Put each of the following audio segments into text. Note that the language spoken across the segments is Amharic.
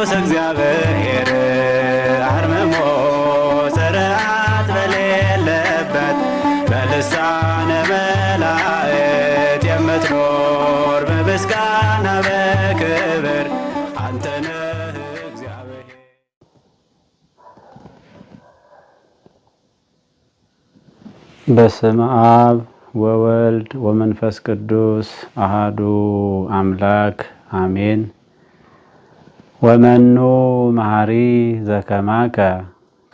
ቅዱስ እግዚአብሔር አርምሞ ስርዓት በሌለበት በልሳነ መላእክት የምትኖር በምስጋና በክብር አንተ ነህ እግዚአብሔር። በስመ አብ ወወልድ ወመንፈስ ቅዱስ አሃዱ አምላክ አሜን። ወመኑ መሐሪ ዘከማከ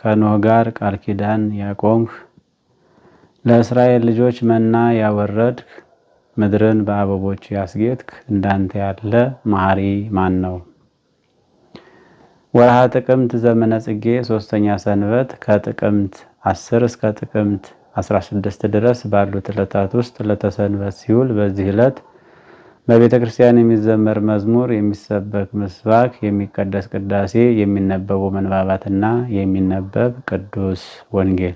ከኖህ ጋር ቃል ኪዳን ያቆምህ ለእስራኤል ልጆች መና ያወረድክ ምድርን በአበቦች ያስጌጥክ እንዳንተ ያለ መሐሪ ማን ነው? ወርሃ ጥቅምት ዘመነ ጽጌ ሶስተኛ ሰንበት ከጥቅምት 10 እስከ ጥቅምት 16 ድረስ ባሉት ዕለታት ውስጥ ለተሰንበት ሲውል በዚህ ዕለት በቤተ ክርስቲያን የሚዘመር መዝሙር፣ የሚሰበክ ምስባክ፣ የሚቀደስ ቅዳሴ፣ የሚነበቡ ምንባባትና የሚነበብ ቅዱስ ወንጌል።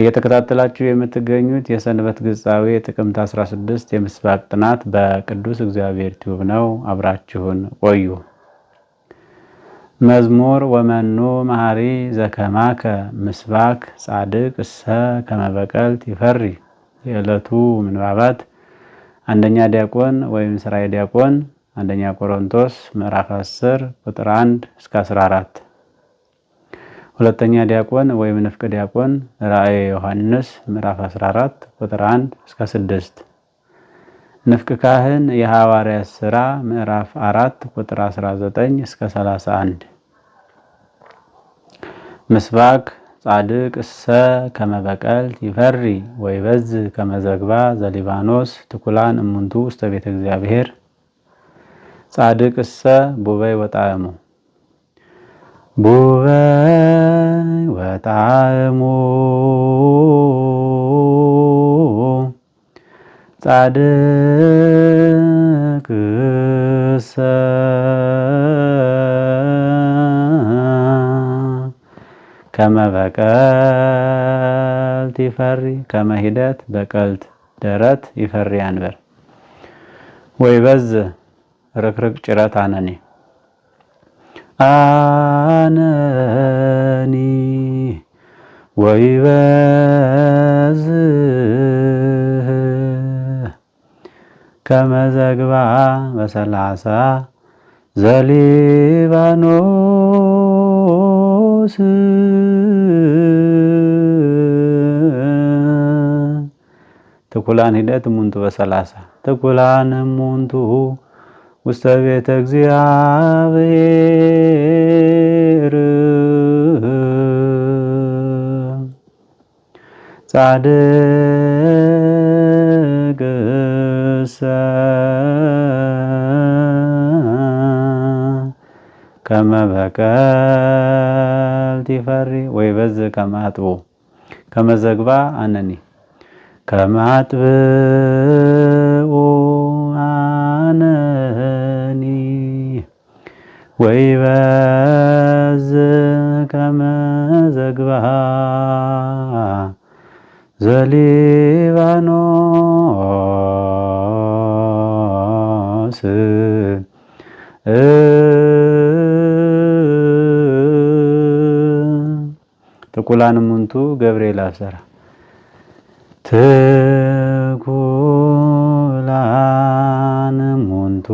እየተከታተላችሁ የምትገኙት የሰንበት ግጻዊ ጥቅምት 16 የምስባክ ጥናት በቅዱስ እግዚአብሔር ቲዩብ ነው። አብራችሁን ቆዩ። መዝሙር ወመኑ መሐሪ ዘከማከ ምስባክ ጻድቅ እሰ ከመበቀልት ይፈሪ የዕለቱ ምንባባት አንደኛ ዲያቆን ወይም ስራዬ ዲያቆን አንደኛ ቆሮንቶስ ምዕራፍ 10 ቁጥር 1 እስከ 14። ሁለተኛ ዲያቆን ወይም ንፍቅ ዲያቆን ራእየ ዮሐንስ ምዕራፍ 14 ቁጥር 1 እስከ 6። ንፍቅ ካህን የሐዋርያት ሥራ ምዕራፍ 4 ቁጥር 19 እስከ 31። ምስባክ ጻድቅ እሰ ከመበቀል ይፈሪ ወይ በዝ ከመዘግባ ዘሊባኖስ ትኩላን እሙንቱ ውስተ ቤተ እግዚአብሔር ጻድቅ እሰ ቡበይ ወጣዕሙ ቡበይ ወጣዕሙ ጻድቅ እሰ ከመበቀልት ይፈሪ ከመሂደት በቀልት ደረት ይፈሪ አንበር ወይ በዝ ርክርክ ጭረት አነኒ አነኒ ወይ በዝ ከመዘግባ በሰላሳ ዘሊባኖስ ትኩላን ሂደት ሙንቱ በሰላሳ ትኩላን ሙንቱ ውስተ ቤተ እግዚአብሔር ጻድቅሰ ከመ በቀልት ይፈሪ ወይ በዝ ከማጥቡ ከመዘግባ አነኒ ከማጥብኡ አነኒ ወይበዝ ከመዘግባ ዘሊባኖስ ጥቁላን ሙንቱ ገብርኤል አሰራ ትጉ ላንሙንቱ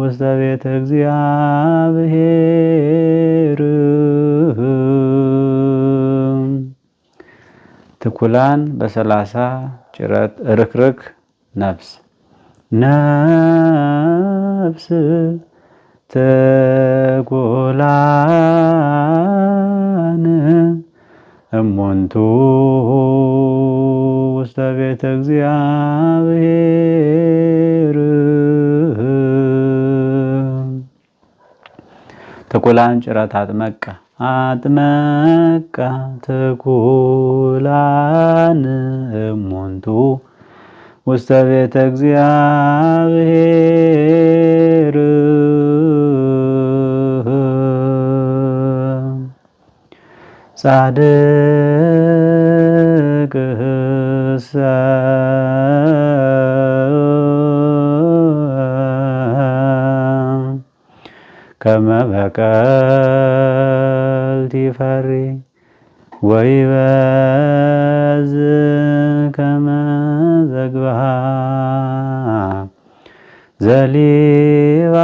ውስተ ቤተ እግዚአብሔር ትኩላን በሰላሳ ጭረት ርክርክ ነፍስ ነፍስ ትጉላን እሙንቱ ውስተ ቤተ እግዚአብሔር ጭረት ታጥመቃ አጥመቃ ተኩላን እሙንቱ ውስተ ቤተ እግዚአብሔር ጻድቅ كما بكالتي فري ويباز كما ذكبها زليبا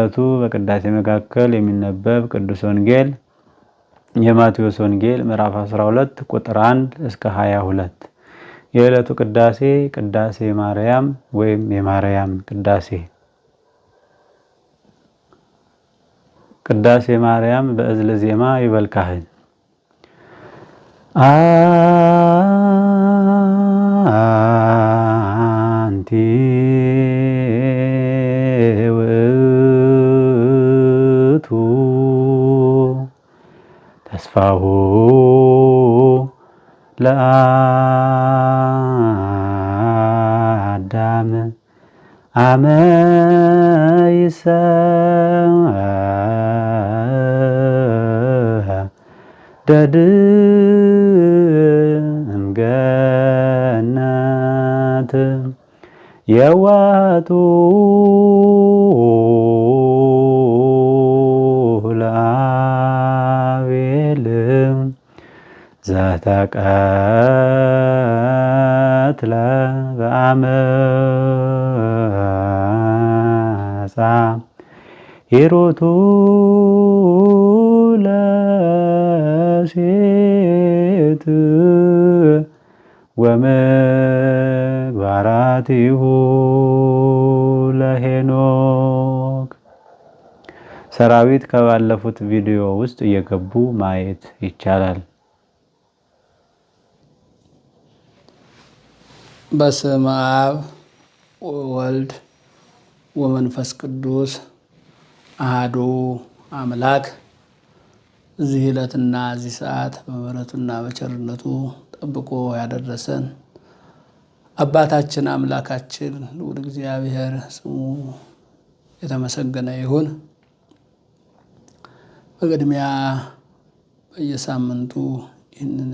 በዕለቱ በቅዳሴ መካከል የሚነበብ ቅዱስ ወንጌል የማቴዎስ ወንጌል ምዕራፍ 12 ቁጥር 1 እስከ 22። የዕለቱ ቅዳሴ ቅዳሴ ማርያም ወይም የማርያም ቅዳሴ። ቅዳሴ ማርያም በእዝለ ዜማ ይበልካህን አንቲ ለአዳም አመ ይሰብሐ ደድንገነት የዋቱ ዘተቀትለ በአመፃ ሄሮቱ ለሴት ወምግባራቲሁ ለሄኖክ ሰራዊት ከባለፉት ቪዲዮ ውስጥ እየገቡ ማየት ይቻላል። በስም አብ ወወልድ ወመንፈስ ቅዱስ አህዱ አምላክ። እዚህ ዕለትና እዚህ ሰዓት በምሕረቱና በቸርነቱ ጠብቆ ያደረሰን አባታችን አምላካችን ልዑል እግዚአብሔር ስሙ የተመሰገነ ይሁን። በቅድሚያ በየሳምንቱ ይህንን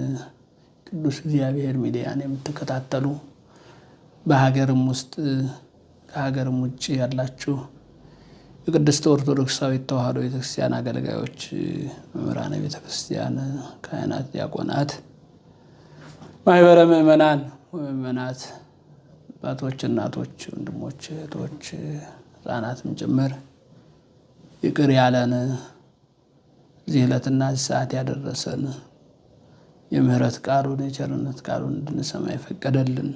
ቅዱስ እግዚአብሔር ሚዲያን የምትከታተሉ በሀገርም ውስጥ ከሀገርም ውጭ ያላችሁ የቅድስት ኦርቶዶክሳዊት ተዋህዶ ቤተክርስቲያን አገልጋዮች፣ መምህራነ ቤተክርስቲያን፣ ካህናት፣ ዲያቆናት፣ ማህበረ ምእመናን መናት አባቶች፣ እናቶች፣ ወንድሞች፣ እህቶች፣ ህፃናትም ጭምር ይቅር ያለን እዚህ ዕለትና ሰዓት ያደረሰን የምህረት ቃሉን የቸርነት ቃሉን እንድንሰማ የፈቀደልን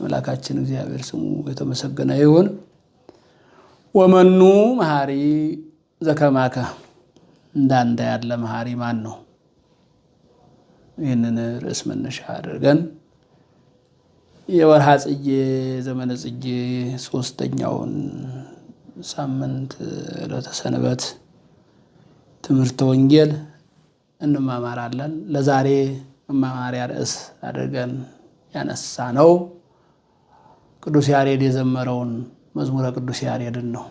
አምላካችን እግዚአብሔር ስሙ የተመሰገነ ይሁን። ወመኑ መሐሪ ዘከማከ እንዳንተ ያለ መሐሪ ማን ነው? ይህንን ርዕስ መነሻ አድርገን የወርሃ ጽጌ ዘመነ ጽጌ ሶስተኛውን ሳምንት ዕለተ ሰንበት ትምህርተ ወንጌል እንማማራለን። ለዛሬ መማማሪያ ርዕስ አድርገን ያነሳ ነው ቅዱስ ያሬድ የዘመረውን መዝሙረ ቅዱስ ያሬድን ነው።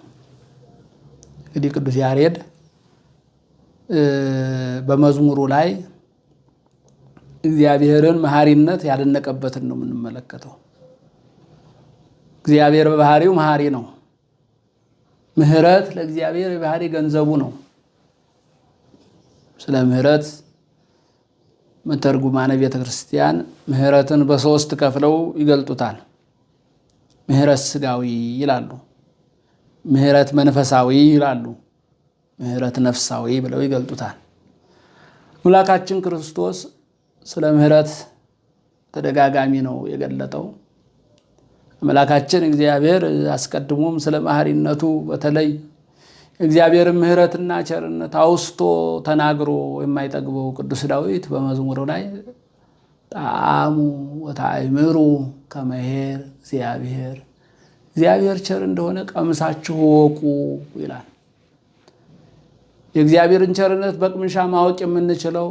እንግዲህ ቅዱስ ያሬድ በመዝሙሩ ላይ እግዚአብሔርን መሐሪነት ያደነቀበትን ነው የምንመለከተው። እግዚአብሔር በባህሪው መሐሪ ነው። ምሕረት ለእግዚአብሔር የባህሪ ገንዘቡ ነው። ስለ ምሕረት መተርጉማነ ቤተ ክርስቲያን ምሕረትን በሶስት ከፍለው ይገልጡታል። ምህረት ስጋዊ ይላሉ፣ ምህረት መንፈሳዊ ይላሉ፣ ምህረት ነፍሳዊ ብለው ይገልጡታል። አምላካችን ክርስቶስ ስለ ምህረት ተደጋጋሚ ነው የገለጠው። አምላካችን እግዚአብሔር አስቀድሞም ስለ መሐሪነቱ በተለይ እግዚአብሔርን ምህረትና ቸርነት አውስቶ ተናግሮ የማይጠግበው ቅዱስ ዳዊት በመዝሙሩ ላይ ጣዕሙ ወታእምሩ ከመሄር እግዚአብሔር እግዚአብሔር ቸር እንደሆነ ቀምሳችሁ ወቁ ይላል። የእግዚአብሔርን ቸርነት በቅምሻ ማወቅ የምንችለው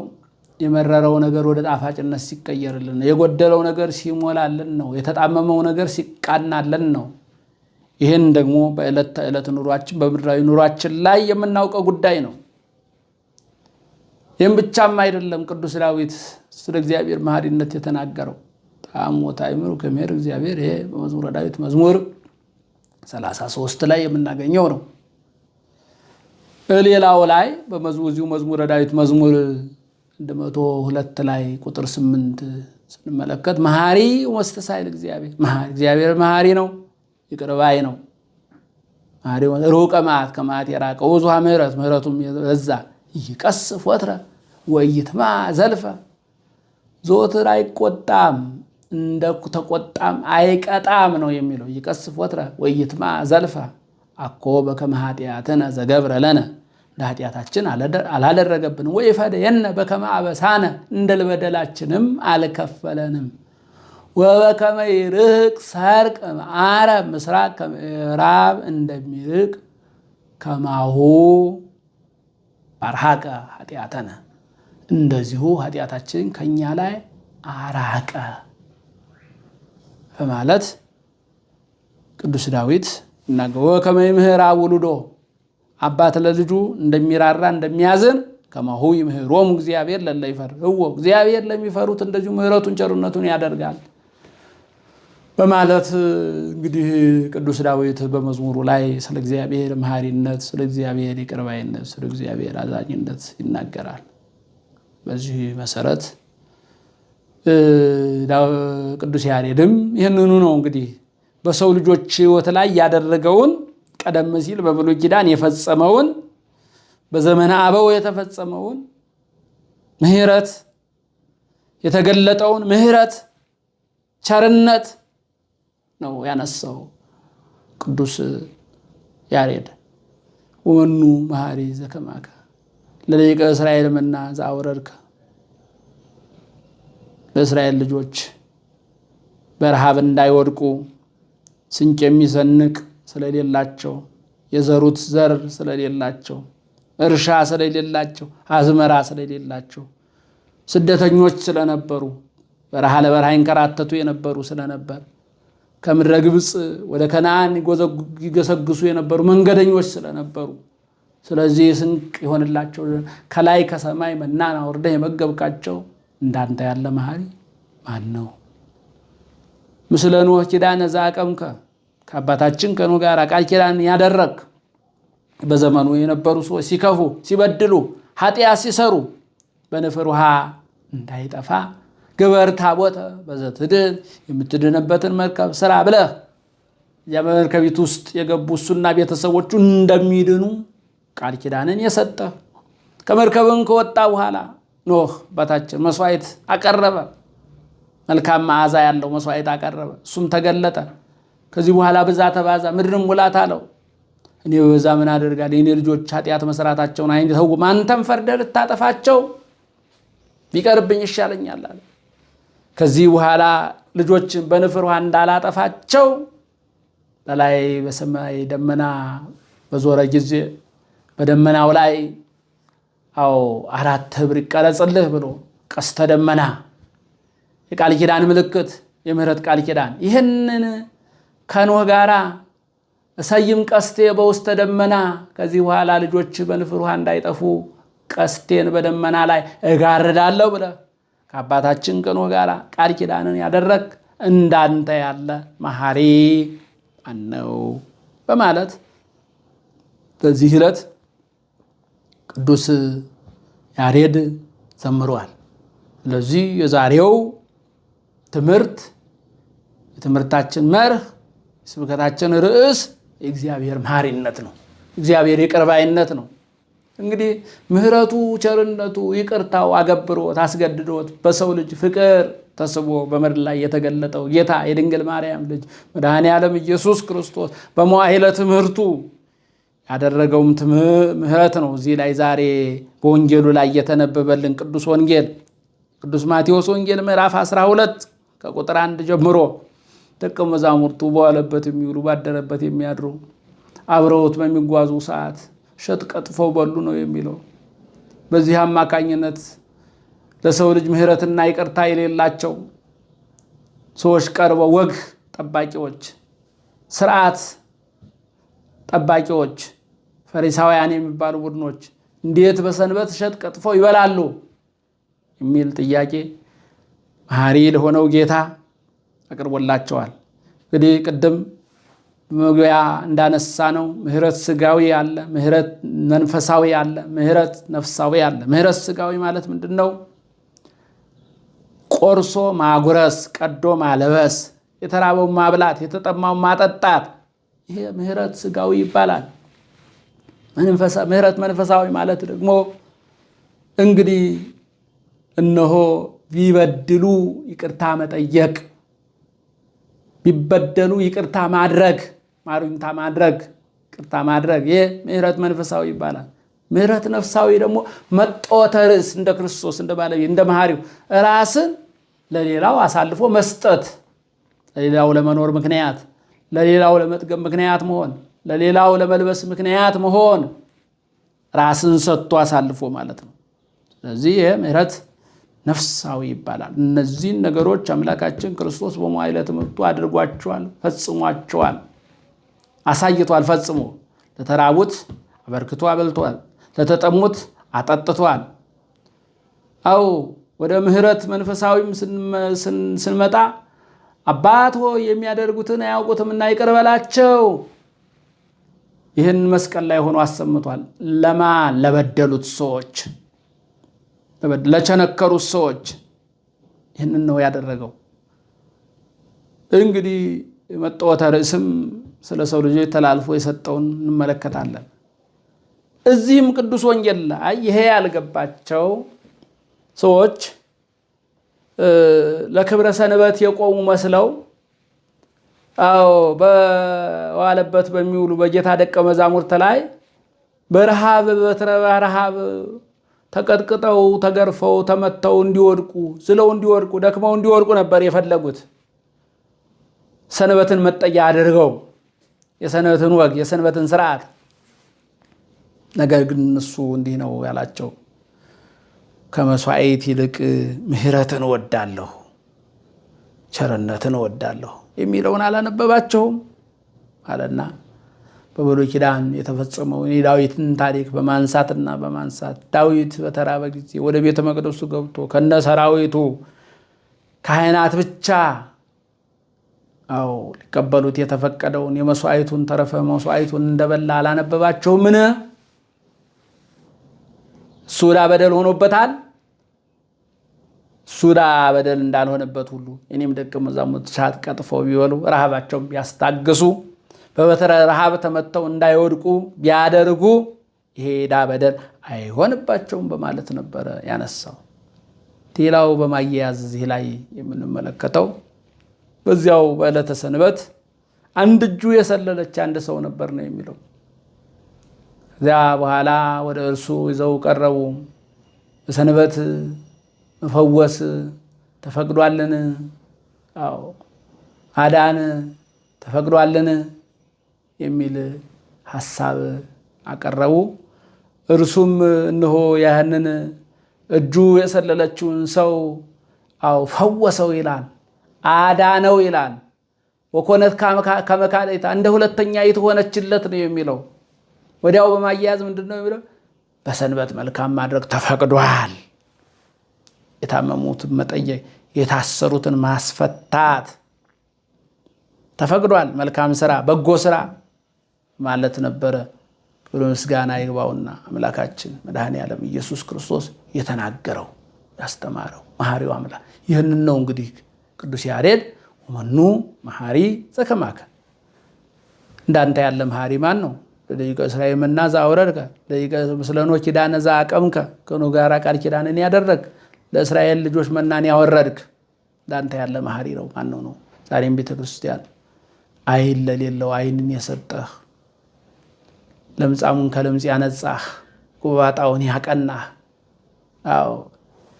የመረረው ነገር ወደ ጣፋጭነት ሲቀየርልን ነው። የጎደለው ነገር ሲሞላልን ነው። የተጣመመው ነገር ሲቃናልን ነው። ይህን ደግሞ በዕለት ተዕለት ኑሯችን በምድራዊ ኑሯችን ላይ የምናውቀው ጉዳይ ነው። ይህም ብቻም አይደለም ቅዱስ ዳዊት ስለ እግዚአብሔር መሐሪነት የተናገረው ታሞ ታእምሩ ከምሄር እግዚአብሔር ይሄ በመዝሙረ ዳዊት መዝሙር 33 ላይ የምናገኘው ነው። ሌላው ላይ በመዝሙዚሁ መዝሙረ ዳዊት መዝሙር 102 ላይ ቁጥር 8 ስንመለከት መሐሪ ወስተሳይል እግዚአብሔር እግዚአብሔር መሐሪ ነው፣ ይቅርባይ ነው። ሩቀ መዓት ከመዓት የራቀ ብዙ ምሕረት ምሕረቱም በዛ ይቀስ ፎትረ ወይትማ ዘልፈ ዘወትር አይቆጣም እንደ ተቆጣም አይቀጣም ነው የሚለው። ይቀስ ፎትረ ወይትማ ዘልፈ አኮ በከመ ኃጢአትነ ዘገብረ ለነ እንደ ኃጢአታችን ፈደ የነ በከመ አበሳነ እንደ ልበደላችንም አልከፈለንም። ወበከመ ይርቅ ሰርቅ መዓረ ምስራቅ ከምዕራብ እንደሚርቅ ከማሁ አርሃቀ ኃጢአተነ እንደዚሁ ኃጢአታችን ከኛ ላይ አራቀ በማለት ቅዱስ ዳዊት እናገወ ከመይምህር ውሉዶ አባት ለልጁ እንደሚራራ እንደሚያዝን ከማሁ ይምህሮም እግዚአብሔር ለለይፈር እዎ እግዚአብሔር ለሚፈሩት እንደዚሁ ምህረቱን ቸርነቱን ያደርጋል። በማለት እንግዲህ ቅዱስ ዳዊት በመዝሙሩ ላይ ስለ እግዚአብሔር መሐሪነት፣ ስለ እግዚአብሔር ይቅርባይነት፣ ስለ እግዚአብሔር አዛኝነት ይናገራል። በዚህ መሰረት ቅዱስ ያሬድም ይህንኑ ነው እንግዲህ በሰው ልጆች ሕይወት ላይ ያደረገውን ቀደም ሲል በብሉይ ኪዳን የፈጸመውን በዘመነ አበው የተፈጸመውን ምሕረት የተገለጠውን ምሕረት ቸርነት ነው ያነሳው ቅዱስ ያሬድ ወኑ መሐሪ ዘከማከ ለደቂቀ እስራኤል መና ዘአውረድከ ለእስራኤል ልጆች በረሃብ እንዳይወድቁ ስንቅ የሚሰንቅ ስለሌላቸው የዘሩት ዘር ስለሌላቸው እርሻ ስለሌላቸው አዝመራ ስለሌላቸው ስደተኞች ስለነበሩ በረሃ ለበረሃ ይንከራተቱ የነበሩ ስለነበር ከምድረ ግብፅ ወደ ከነአን ይገሰግሱ የነበሩ መንገደኞች ስለነበሩ ስለዚህ ስንቅ ይሆንላቸው ከላይ ከሰማይ መናን አውርደህ የመገብካቸው እንዳንተ ያለ መሐሪ ማን ነው? ምስለ ኖህ ኪዳነ ዘአቀምከ ከአባታችን ከኖህ ጋር ቃል ኪዳን ያደረግ በዘመኑ የነበሩ ሰዎች ሲከፉ፣ ሲበድሉ፣ ኃጢአት ሲሰሩ በንፍር ውሃ እንዳይጠፋ ግበር ታቦተ በዘትድን የምትድንበትን መርከብ ስራ ብለህ የመርከቢት ውስጥ የገቡ እሱና ቤተሰቦቹ እንደሚድኑ ቃል ኪዳንን የሰጠ ከመርከብን ከወጣ በኋላ ኖህ በታችን መስዋዕት አቀረበ። መልካም መዓዛ ያለው መስዋዕት አቀረበ። እሱም ተገለጠ። ከዚህ በኋላ ብዛ ተባዛ ምድርም ሙላት አለው። እኔ በዛ ምን አደርጋል? የኔ ልጆች ኃጢአት መስራታቸውን አይተውም፣ አንተም ፈርደ ልታጠፋቸው ቢቀርብኝ ይሻለኛል አለ። ከዚህ በኋላ ልጆችን በንፍር ውሃ እንዳላጠፋቸው በላይ በሰማይ ደመና በዞረ ጊዜ በደመናው ላይ አዎ አራት ህብር ይቀረጽልህ ብሎ ቀስተ ደመና የቃል ኪዳን ምልክት የምህረት ቃል ኪዳን ይህንን ከኖህ ጋራ እሰይም ቀስቴ በውስተ ደመና ከዚህ በኋላ ልጆች በንፍር ውሃ እንዳይጠፉ ቀስቴን በደመና ላይ እጋርዳለሁ ብለህ ከአባታችን ቅኖ ጋር ቃል ኪዳንን ያደረግ እንዳንተ ያለ መሐሪ አነው በማለት በዚህ ዕለት ቅዱስ ያሬድ ዘምሯል። ስለዚህ የዛሬው ትምህርት የትምህርታችን መርህ የስብከታችን ርዕስ የእግዚአብሔር መሐሪነት ነው። እግዚአብሔር የቅርባይነት ነው። እንግዲህ ምሕረቱ ቸርነቱ ይቅርታው አገብሮት አስገድዶት በሰው ልጅ ፍቅር ተስቦ በምድር ላይ የተገለጠው ጌታ የድንግል ማርያም ልጅ መድኃኔ ዓለም ኢየሱስ ክርስቶስ በመዋዕለ ትምህርቱ ያደረገውም ምሕረት ነው። እዚህ ላይ ዛሬ በወንጌሉ ላይ የተነበበልን ቅዱስ ወንጌል ቅዱስ ማቴዎስ ወንጌል ምዕራፍ 12 ከቁጥር አንድ ጀምሮ ደቀ መዛሙርቱ በዋለበት የሚውሉ ባደረበት የሚያድሩ አብረውት በሚጓዙ ሰዓት እሸት ቀጥፈው በሉ ነው የሚለው። በዚህ አማካኝነት ለሰው ልጅ ምሕረትና ይቅርታ የሌላቸው ሰዎች ቀርበው ወግ ጠባቂዎች፣ ስርዓት ጠባቂዎች፣ ፈሪሳውያን የሚባሉ ቡድኖች እንዴት በሰንበት እሸት ቀጥፈው ይበላሉ የሚል ጥያቄ መሐሪ ለሆነው ጌታ አቅርቦላቸዋል። እንግዲህ ቅድም መግቢያ እንዳነሳ ነው ምህረት ስጋዊ አለ፣ ምህረት መንፈሳዊ አለ፣ ምህረት ነፍሳዊ አለ። ምህረት ስጋዊ ማለት ምንድን ነው? ቆርሶ ማጉረስ፣ ቀዶ ማለበስ፣ የተራበው ማብላት፣ የተጠማው ማጠጣት፣ ይሄ ምህረት ስጋዊ ይባላል። ምህረት መንፈሳዊ ማለት ደግሞ እንግዲህ እነሆ ቢበድሉ ይቅርታ መጠየቅ ቢበደሉ ይቅርታ ማድረግ ማሩኝታ ማድረግ ቅርታ ማድረግ ይህ ምህረት መንፈሳዊ ይባላል። ምህረት ነፍሳዊ ደግሞ መጦተ ርዕስ እንደ ክርስቶስ እንደ ባለቤት እንደ መሐሪው ራስን ለሌላው አሳልፎ መስጠት፣ ለሌላው ለመኖር ምክንያት፣ ለሌላው ለመጥገብ ምክንያት መሆን፣ ለሌላው ለመልበስ ምክንያት መሆን ራስን ሰጥቶ አሳልፎ ማለት ነው። ስለዚህ ይህ ምሕረት ነፍሳዊ ይባላል። እነዚህን ነገሮች አምላካችን ክርስቶስ በመዋዕለ ትምህርቱ አድርጓቸዋል፣ ፈጽሟቸዋል። አሳይቷል ፈጽሞ። ለተራቡት አበርክቶ አበልቷል፣ ለተጠሙት አጠጥቷል። አው ወደ ምሕረት መንፈሳዊም ስንመጣ አባት ሆይ የሚያደርጉትን አያውቁትምና ይቅር በላቸው። ይህን መስቀል ላይ ሆኖ አሰምቷል። ለማ ለበደሉት ሰዎች፣ ለቸነከሩት ሰዎች ይህንን ነው ያደረገው። እንግዲህ መጠወተ ርእስም ስለ ሰው ልጆች ተላልፎ የሰጠውን እንመለከታለን። እዚህም ቅዱስ ወንጌል ላይ ይሄ ያልገባቸው ሰዎች ለክብረ ሰንበት የቆሙ መስለው አዎ በዋለበት በሚውሉ በጌታ ደቀ መዛሙርት ላይ በረሃብ በትረ ረሃብ ተቀጥቅጠው ተገርፈው ተመተው እንዲወድቁ ዝለው እንዲወድቁ ደክመው እንዲወድቁ ነበር የፈለጉት ሰንበትን መጠያ አድርገው የሰንበትን ወግ የሰንበትን ስርዓት። ነገር ግን እነሱ እንዲህ ነው ያላቸው፣ ከመስዋዕት ይልቅ ምህረትን ወዳለሁ ቸርነትን ወዳለሁ የሚለውን አላነበባቸውም አለና በብሉይ ኪዳን የተፈጸመውን የዳዊትን ታሪክ በማንሳትና በማንሳት ዳዊት በተራበ ጊዜ ወደ ቤተ መቅደሱ ገብቶ ከነ ሰራዊቱ ካህናት ብቻ አዎ ሊቀበሉት የተፈቀደውን የመስዋዕቱን ተረፈ መስዋዕቱን እንደበላ አላነበባቸው ምን ሱዳ በደል ሆኖበታል። ሱዳ በደል እንዳልሆነበት ሁሉ እኔም ደቀ መዛሙርት ሻት ቀጥፈው ቢበሉ ረሃባቸውን ቢያስታግሱ በበትረ ረሃብ ተመተው እንዳይወድቁ ቢያደርጉ ይሄ ዳ በደል አይሆንባቸውም በማለት ነበረ ያነሳው። ሌላው በማያያዝ እዚህ ላይ የምንመለከተው በዚያው በዕለተ ሰንበት አንድ እጁ የሰለለች አንድ ሰው ነበር ነው የሚለው። ከዚያ በኋላ ወደ እርሱ ይዘው ቀረቡ። በሰንበት መፈወስ ተፈቅዷልን? አዎ አዳን ተፈቅዷልን? የሚል ሀሳብ አቀረቡ። እርሱም እንሆ ያህንን እጁ የሰለለችውን ሰው አዎ ፈወሰው ይላል። አዳነው ይላል። ወኮነት ከመካለይታ እንደ ሁለተኛ የተሆነችለት ነው የሚለው። ወዲያው በማያያዝ ምንድን ነው የሚለው? በሰንበት መልካም ማድረግ ተፈቅዷል። የታመሙትን መጠየቅ፣ የታሰሩትን ማስፈታት ተፈቅዷል። መልካም ስራ፣ በጎ ስራ ማለት ነበረ። ክብር ምስጋና ይግባውና አምላካችን መድኃኔ ዓለም ኢየሱስ ክርስቶስ የተናገረው ያስተማረው መሐሪው አምላክ ይህንን ነው እንግዲህ ቅዱስ ያሬድ ወመኑ መሐሪ ዘከማከ እንዳንተ ያለ መሐሪ ማን ነው? ለደቂቀ እስራኤልና ዘአውረድከ ለደቂቀ ምስለኖ ኪዳነ ዘአቀምከ ከኖ ጋራ ቃል ኪዳንን ያደረግ ለእስራኤል ልጆች መናን ያወረድክ እንዳንተ ያለ መሐሪ ነው ማን ነው? ዛሬም ቤተ ክርስቲያን አይን ለሌለው አይንን የሰጠህ ለምጻሙን ከለምጽ ያነጻህ ጎባጣውን ያቀናህ አዎ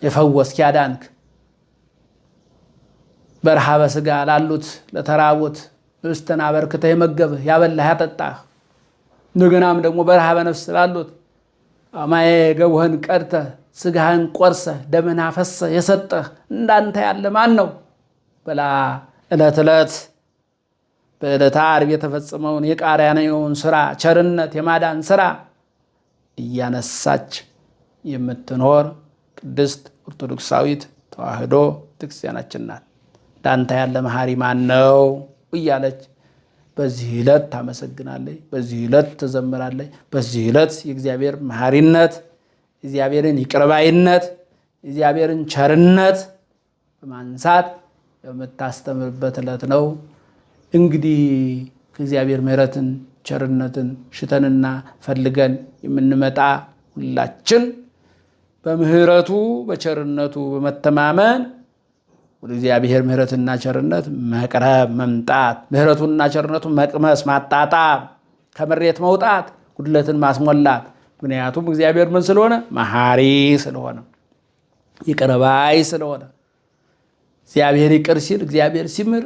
የፈወስክ ያዳንክ በረሃበ ስጋ ላሉት ለተራቡት ኅብስትን አበርክተህ የመገብህ ያበላህ ያጠጣህ እንደገናም ደግሞ በረሃበ ነፍስ ላሉት አማዬ ገቡህን ቀድተህ ስጋህን ቆርሰ ደምን አፈሰ የሰጠህ እንዳንተ ያለ ማን ነው ብላ ዕለት ዕለት በዕለተ ዓርብ የተፈጸመውን የቃራንዮውን ስራ ቸርነት የማዳን ስራ እያነሳች የምትኖር ቅድስት ኦርቶዶክሳዊት ተዋህዶ ቤተክርስቲያናችን ናት። ዳንታ ያለ መሐሪ ማን ነው እያለች በዚህ ዕለት ታመሰግናለች፣ በዚህ ዕለት ትዘምራለች። በዚህ ዕለት የእግዚአብሔር መሐሪነት፣ እግዚአብሔርን ይቅርባይነት፣ እግዚአብሔርን ቸርነት በማንሳት የምታስተምርበት ዕለት ነው። እንግዲህ ከእግዚአብሔር ምሕረትን ቸርነትን ሽተንና ፈልገን የምንመጣ ሁላችን በምሕረቱ በቸርነቱ በመተማመን ወደ እግዚአብሔር ምሕረትና ቸርነት መቅረብ መምጣት፣ ምሕረቱንና ቸርነቱ መቅመስ ማጣጣም፣ ከምሬት መውጣት፣ ጉድለትን ማስሞላት። ምክንያቱም እግዚአብሔር ምን ስለሆነ መሐሪ ስለሆነ ይቅር ስለሆነ እግዚአብሔር ይቅር ሲል እግዚአብሔር ሲምር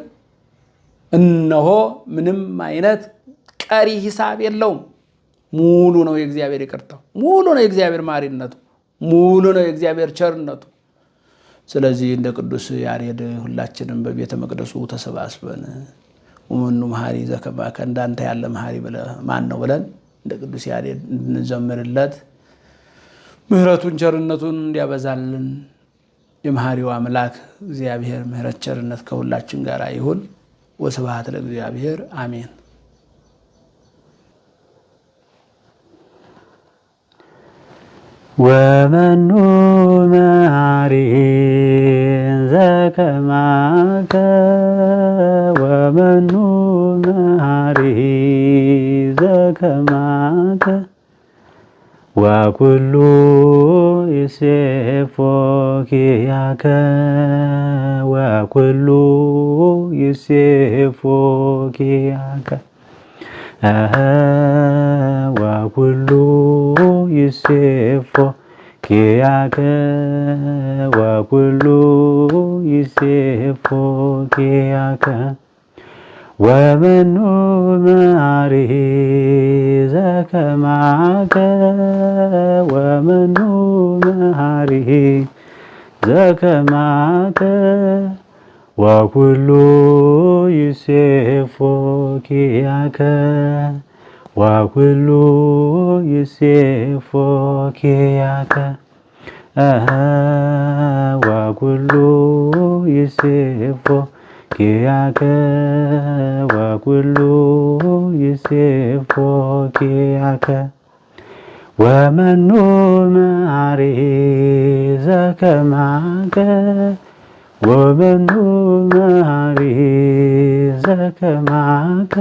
እነሆ ምንም አይነት ቀሪ ሂሳብ የለውም። ሙሉ ነው የእግዚአብሔር ይቅርታው፣ ሙሉ ነው የእግዚአብሔር ማሪነቱ፣ ሙሉ ነው የእግዚአብሔር ቸርነቱ። ስለዚህ እንደ ቅዱስ ያሬድ ሁላችንም በቤተ መቅደሱ ተሰባስበን ወመኑ መሐሪ ዘከማከ እንዳንተ ያለ መሐሪ ማን ነው ብለን እንደ ቅዱስ ያሬድ እንድንዘምርለት ምሕረቱን ቸርነቱን እንዲያበዛልን የመሐሪው አምላክ እግዚአብሔር ምሕረት ቸርነት ከሁላችን ጋር ይሁን። ወስብሐት ለእግዚአብሔር አሜን። ወመኑ መሐሪ ዘከማከ ወመኑ መሐሪ ዘከማከ ወኩሉ ይሴፎ ኪያከ ወኩሉ ይሴፎ ኪያከ ወኩሉ ይሴፎ ኪያከ ወኩሉ ይሴፎ ኪያከ ወመኑ መዓሪ ዘከማከ ወመኑ መዓሪ ዘከማከ ወኩሉ ይሴፎ ኪያከ ወኩሉ ይሴፎ ኪያከ ወኩሉ ይሴፎ ኪያከ ወኩሉ ይሴፎ ኪያከ ወመኑ መዓሪ ዘከማከ ወበኑ መሃሪ ዘከማከ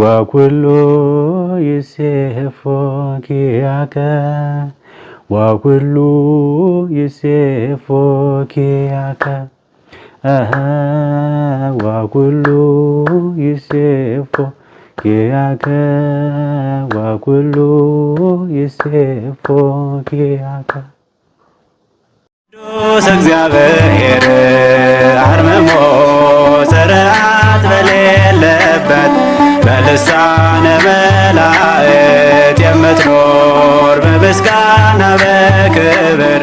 ወኩሉ ይሴፎ ኪያከ ወኩሉ ይሴፎ ኪያከ ወኩሉ ይሴፎ ኪያከ ወኩሉ ይሴፎ ኪያከ ቅዱስ እግዚአብሔር አርምሞ ስርዓት በሌለበት በልሳነ መላእክት የምትኖር በምስጋና በክብር